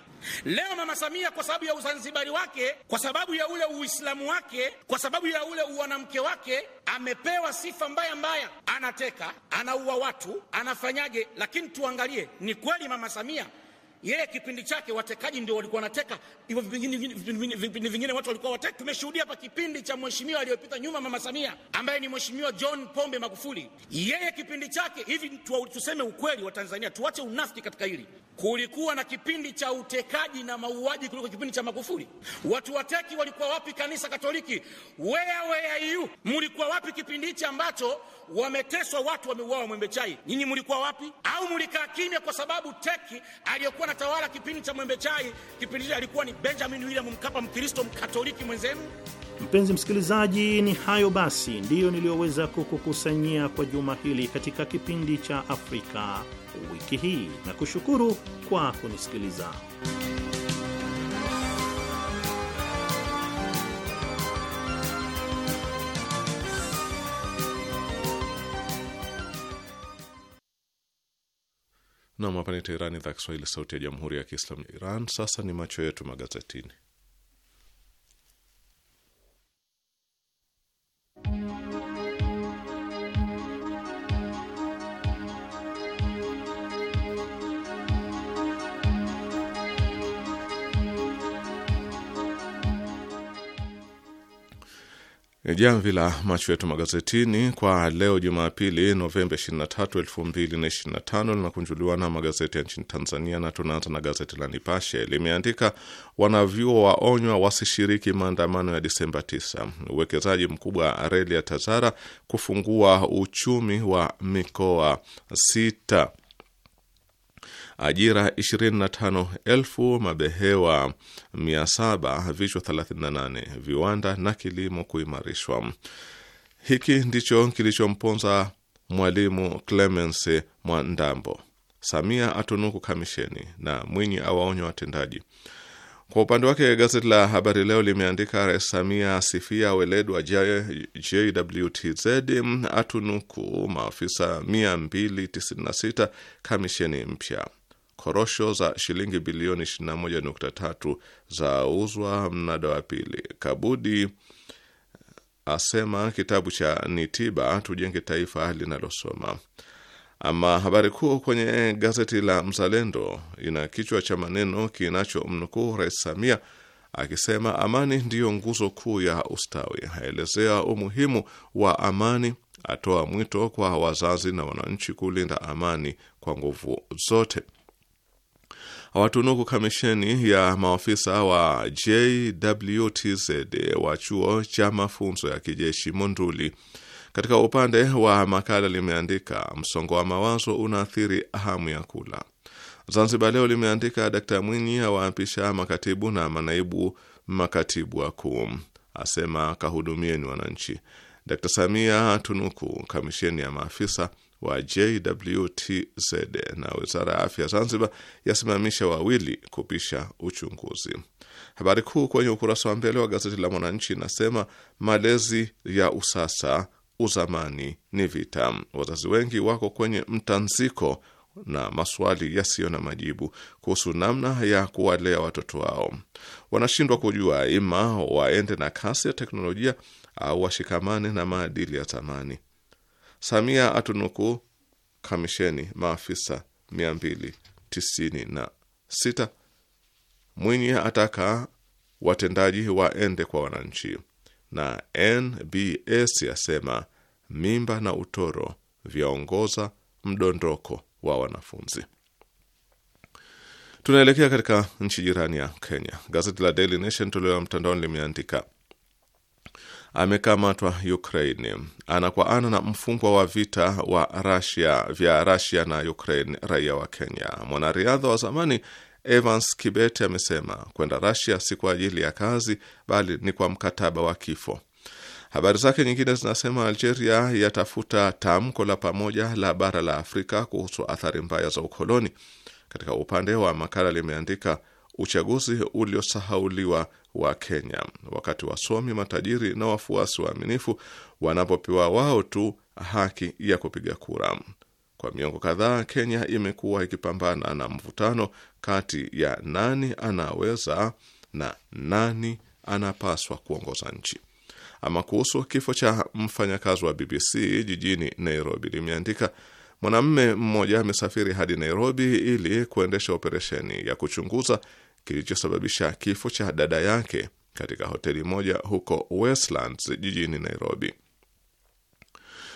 Leo mama Samia, kwa sababu ya uzanzibari wake, kwa sababu ya ule uislamu wake, kwa sababu ya ule uwanamke wake, amepewa sifa mbaya mbaya, anateka, anaua watu, anafanyaje. Lakini tuangalie, ni kweli mama Samia yeye kipindi chake watekaji ndio walikuwa wanateka, hivyo vipindi vingine watu walikuwa wateka. Tumeshuhudia hapa kipindi cha mheshimiwa aliyopita nyuma, mama Samia, ambaye ni mheshimiwa John Pombe Magufuli. Yeye kipindi chake hivi, tuseme ukweli wa Tanzania, tuache unafiki katika hili. Kulikuwa na kipindi cha utekaji na mauaji kuliko kipindi cha Magufuli. Watu wateki walikuwa wapi? Kanisa Katoliki, where were you? Mlikuwa wapi kipindi hichi ambacho wameteswa watu, wameuawa Chai? Nyinyi mlikuwa wapi? Au mlikaa kimya kwa sababu teki aliyokuwa anatawala kipindi cha Mwembe Chai, kipindi hicho alikuwa ni Benjamin William Mkapa, Mkristo Mkatoliki mwenzenu. Mpenzi msikilizaji, ni hayo basi ndiyo niliyoweza kukukusanyia kwa juma hili katika kipindi cha Afrika wiki hii, na kushukuru kwa kunisikiliza. Nam, hapa ni Teherani, idhaa Kiswahili, sauti ya jamhuri ya kiislamu ya Iran. Sasa ni macho yetu magazetini. Eh, jamvi la macho yetu magazetini kwa leo Jumapili, Novemba 23, 2025 linakunjuliwa na magazeti ya nchini Tanzania, na tunaanza na gazeti la Nipashe. Limeandika wanavyuo waonywa wasishiriki maandamano ya Disemba 9, uwekezaji mkubwa reli ya Tazara kufungua uchumi wa mikoa sita ajira 25,000, mabehewa 700, vichwa 38, viwanda na kilimo kuimarishwa. Hiki ndicho kilichomponza Mwalimu Clemence Mwandambo. Samia atunuku kamisheni na Mwinyi awaonya watendaji. Kwa upande wake gazeti la Habari Leo limeandika Rais Samia asifia weledi wa JWTZ, atunuku maafisa 296 kamisheni mpya. Korosho za shilingi bilioni 21.3 zauzwa mnada wa pili. Kabudi eh, asema kitabu cha nitiba tujenge taifa linalosoma. Ama habari kuu kwenye gazeti la Mzalendo ina kichwa cha maneno kinachomnukuu Rais Samia akisema amani ndiyo nguzo kuu ya ustawi. Aelezea umuhimu wa amani, atoa mwito kwa wazazi na wananchi kulinda amani kwa nguvu zote. Watunuku kamisheni ya maafisa wa JWTZ wa chuo cha mafunzo ya kijeshi Monduli. Katika upande wa makala limeandika msongo wa mawazo unaathiri hamu ya kula. Zanzibar Leo limeandika Dkt Mwinyi awaapisha makatibu na manaibu makatibu wakuu, asema kahudumieni wananchi. Dkt Samia tunuku kamisheni ya maafisa wa JWTZ na wizara ya afya Zanzibar yasimamisha wawili kupisha uchunguzi. Habari kuu kwenye ukurasa wa mbele wa gazeti la Mwananchi inasema malezi ya usasa, uzamani ni vita. Wazazi wengi wako kwenye mtanziko na maswali yasiyo na majibu kuhusu namna ya kuwalea watoto wao. Wanashindwa kujua ima waende na kasi ya teknolojia au washikamane na maadili ya zamani. Samia atunuku kamisheni maafisa 296. Mwinyi ataka watendaji waende kwa wananchi, na NBS yasema mimba na utoro vyaongoza mdondoko wa wanafunzi. Tunaelekea katika nchi jirani ya Kenya. Gazeti la Daily Nation toleo la mtandaoni limeandika amekamatwa Ukraine ana kwa ana na mfungwa wa vita wa Russia vya Russia na Ukraine, raia wa Kenya. Mwanariadha wa zamani Evans Kibet amesema kwenda Russia si kwa ajili ya kazi, bali ni kwa mkataba wa kifo. Habari zake nyingine zinasema Algeria yatafuta tamko la pamoja la bara la Afrika kuhusu athari mbaya za ukoloni. Katika upande wa makala limeandika uchaguzi uliosahauliwa wa Kenya, wakati wasomi, matajiri na wafuasi waaminifu wanapopewa wao tu haki ya kupiga kura. Kwa miongo kadhaa, Kenya imekuwa ikipambana na mvutano kati ya nani anaweza na nani anapaswa kuongoza nchi. Ama kuhusu kifo cha mfanyakazi wa BBC jijini Nairobi, limeandika Mwanamume mmoja amesafiri hadi Nairobi ili kuendesha operesheni ya kuchunguza kilichosababisha kifo cha dada yake katika hoteli moja huko Westlands jijini Nairobi.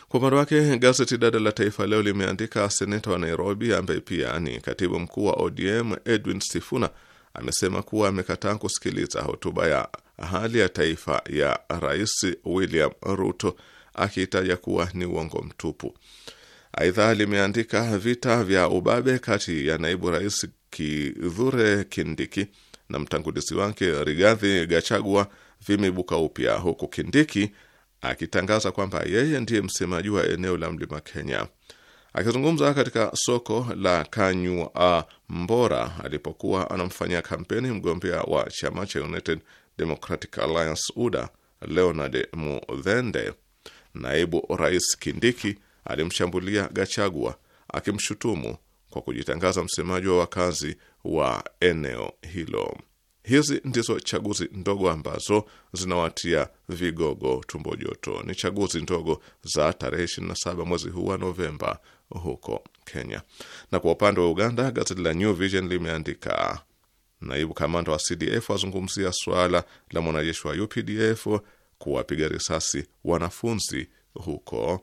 Kwa upande wake gazeti dada la Taifa Leo limeandika seneta wa Nairobi ambaye pia ni katibu mkuu wa ODM Edwin Sifuna amesema kuwa amekataa kusikiliza hotuba ya hali ya taifa ya Rais William Ruto akiitaja kuwa ni uongo mtupu. Aidha limeandika vita vya ubabe kati ya naibu rais Kithure Kindiki na mtangulizi wake Rigathi Gachagua vimeibuka upya, huku Kindiki akitangaza kwamba yeye ndiye msemaji wa eneo la mlima Kenya. Akizungumza katika soko la Kanyua Mbora alipokuwa anamfanyia kampeni mgombea wa chama cha United Democratic Alliance UDA Leonard Mudhende, naibu rais Kindiki alimshambulia Gachagua akimshutumu kwa kujitangaza msemaji wa wakazi wa eneo hilo. Hizi ndizo chaguzi ndogo ambazo zinawatia vigogo tumbo joto. Ni chaguzi ndogo za tarehe 27 mwezi huu wa Novemba huko Kenya. Na kwa upande wa Uganda, gazeti la New Vision limeandika naibu kamanda wa CDF azungumzia suala la mwanajeshi wa UPDF kuwapiga risasi wanafunzi huko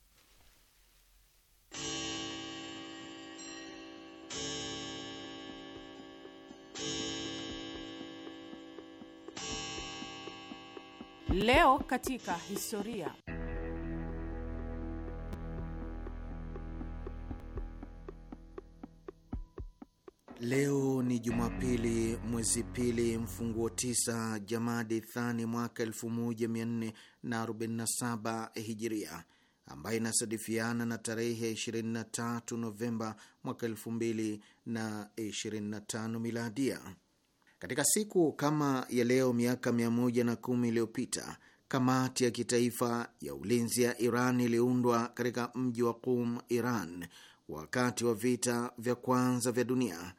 Leo katika historia. Leo ni Jumapili, mwezi pili mfunguo tisa Jamadi Thani mwaka 1447 Hijiria, ambayo inasadifiana na tarehe 23 Novemba mwaka 2025 Miladia. Katika siku kama ya leo miaka 110 iliyopita kamati ya kitaifa ya ulinzi ya Iran iliundwa katika mji wa Qum, Iran, wakati wa vita vya kwanza vya dunia.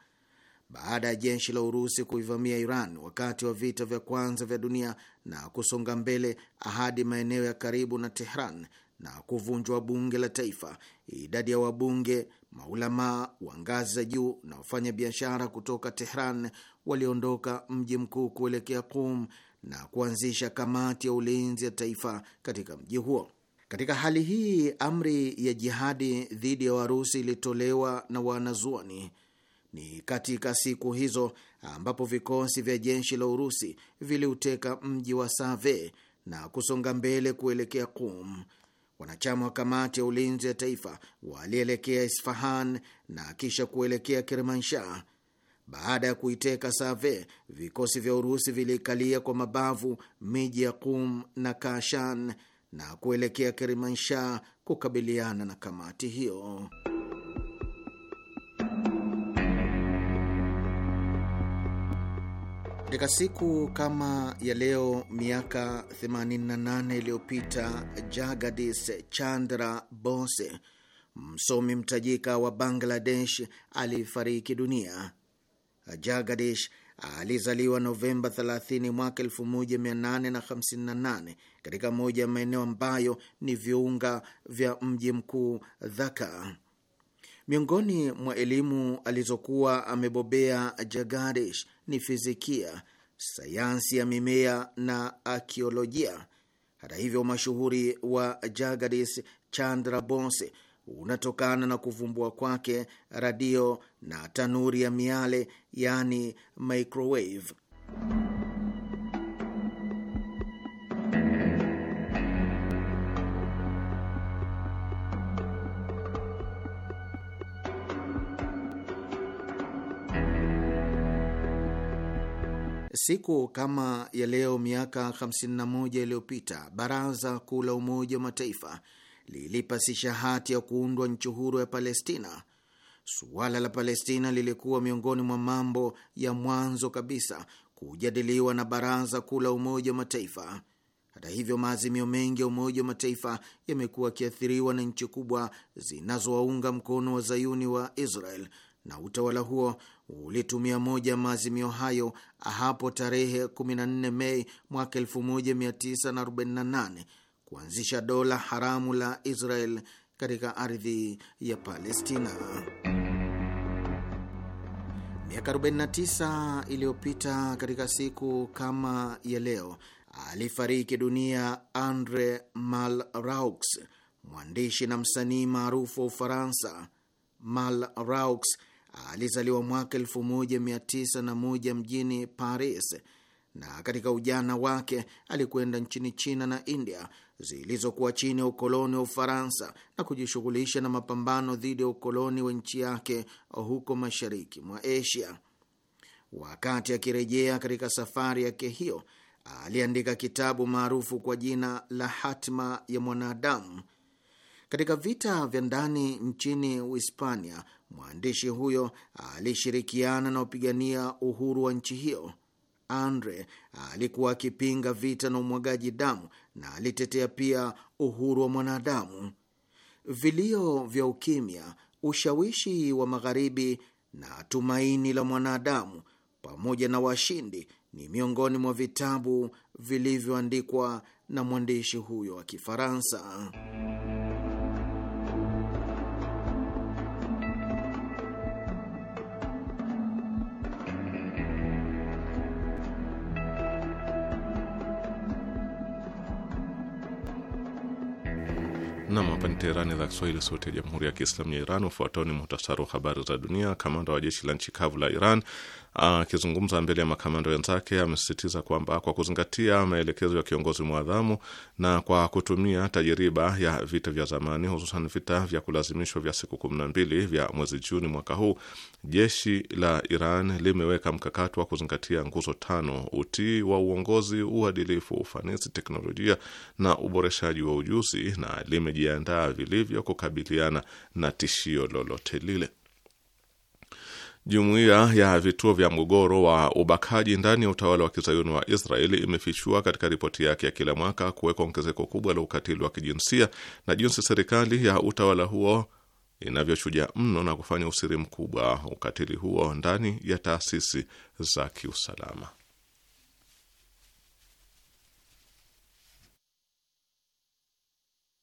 Baada ya jeshi la Urusi kuivamia Iran wakati wa vita vya kwanza vya dunia na kusonga mbele hadi maeneo ya karibu na Tehran na kuvunjwa bunge la taifa, idadi ya wabunge Maulamaa wa ngazi za juu na wafanya biashara kutoka Tehran waliondoka mji mkuu kuelekea Qum na kuanzisha kamati ya ulinzi ya taifa katika mji huo. Katika hali hii, amri ya jihadi dhidi ya Warusi ilitolewa na wanazuoni. Ni katika siku hizo ambapo vikosi vya jeshi la Urusi viliuteka mji wa Save na kusonga mbele kuelekea Qum. Wanachama wa kamati ya ulinzi ya taifa walielekea Isfahan na kisha kuelekea Kirimanshah. Baada ya kuiteka Save, vikosi vya Urusi vilikalia kwa mabavu miji ya Qum na Kashan na kuelekea Kirimanshah kukabiliana na kamati hiyo. Katika siku kama ya leo miaka 88 iliyopita Jagadish Chandra Bose, msomi mtajika wa Bangladesh, alifariki dunia. Jagadish alizaliwa Novemba 30 mwaka 1858 katika moja ya maeneo ambayo ni viunga vya mji mkuu Dhaka. Miongoni mwa elimu alizokuwa amebobea Jagadish ni fizikia, sayansi ya mimea na akiolojia. Hata hivyo, mashuhuri wa Jagadish Chandra Bose unatokana na kuvumbua kwake radio na tanuri ya miale, yaani microwave. Siku kama ya leo miaka 51 iliyopita Baraza Kuu la Umoja wa Mataifa lilipasisha hati ya kuundwa nchi huru ya Palestina. Suala la Palestina lilikuwa miongoni mwa mambo ya mwanzo kabisa kujadiliwa na Baraza Kuu la Umoja wa Mataifa. Hata hivyo, maazimio mengi ya Umoja wa Mataifa yamekuwa yakiathiriwa na nchi kubwa zinazowaunga mkono wa zayuni wa Israel na utawala huo ulitumia moja maazimio hayo hapo tarehe 14 Mei mwaka 1948 kuanzisha dola haramu la Israel katika ardhi ya Palestina. Miaka 49 iliyopita katika siku kama ya leo alifariki dunia Andre Malraux, mwandishi na msanii maarufu wa Ufaransa. Malraux Alizaliwa mwaka 1901 mjini Paris na katika ujana wake alikwenda nchini China na India zilizokuwa chini ya ukoloni wa Ufaransa na kujishughulisha na mapambano dhidi ya ukoloni wa nchi yake huko mashariki mwa Asia. Wakati akirejea katika safari yake hiyo, aliandika kitabu maarufu kwa jina la Hatima ya Mwanadamu. Katika vita vya ndani nchini Uhispania, Mwandishi huyo alishirikiana na upigania uhuru wa nchi hiyo. Andre alikuwa akipinga vita na umwagaji damu na alitetea pia uhuru wa mwanadamu. Vilio vya ukimya, ushawishi wa Magharibi na tumaini la mwanadamu pamoja na washindi ni miongoni mwa vitabu vilivyoandikwa na mwandishi huyo wa Kifaransa. 那么 Hapa ni Teherani, idhaa Kiswahili, sauti ya jamhuri ya kiislamu ya Iran. Ufuatao ni muhtasari wa habari za dunia. Kamanda wa jeshi la nchi kavu la Iran akizungumza mbele ya makamanda wenzake amesisitiza kwamba kwa kuzingatia maelekezo ya kiongozi mwadhamu na kwa kutumia tajiriba ya vita vya zamani, hususan vita vya kulazimishwa vya siku kumi na mbili vya mwezi Juni mwaka huu, jeshi la Iran limeweka mkakati wa kuzingatia nguzo tano: utii wa uongozi, uadilifu, ufanisi, teknolojia na uboreshaji wa ujuzi, na limejiandaa kujiandaa vilivyo kukabiliana na tishio lolote lile. Jumuiya ya vituo vya mgogoro wa ubakaji ndani ya utawala wa kizayuni wa Israeli imefichua katika ripoti yake ya kila mwaka kuwekwa ongezeko kubwa la ukatili wa kijinsia na jinsi serikali ya utawala huo inavyoshuja mno na kufanya usiri mkubwa ukatili huo ndani ya taasisi za kiusalama.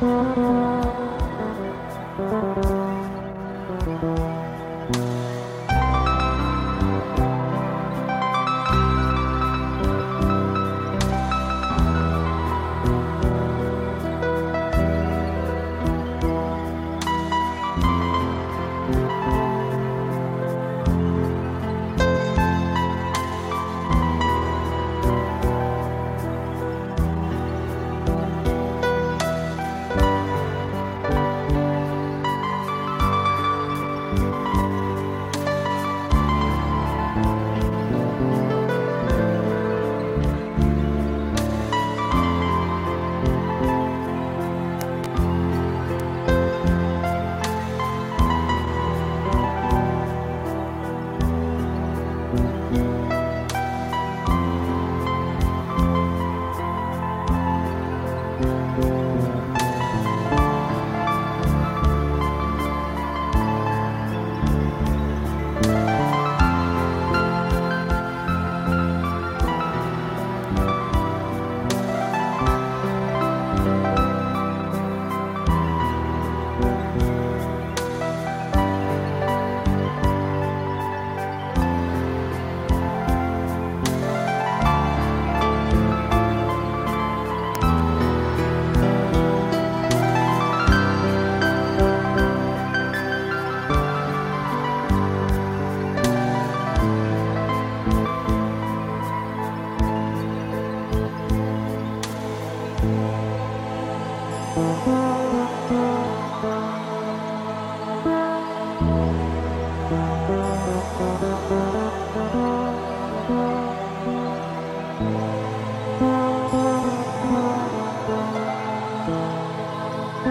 Thank you.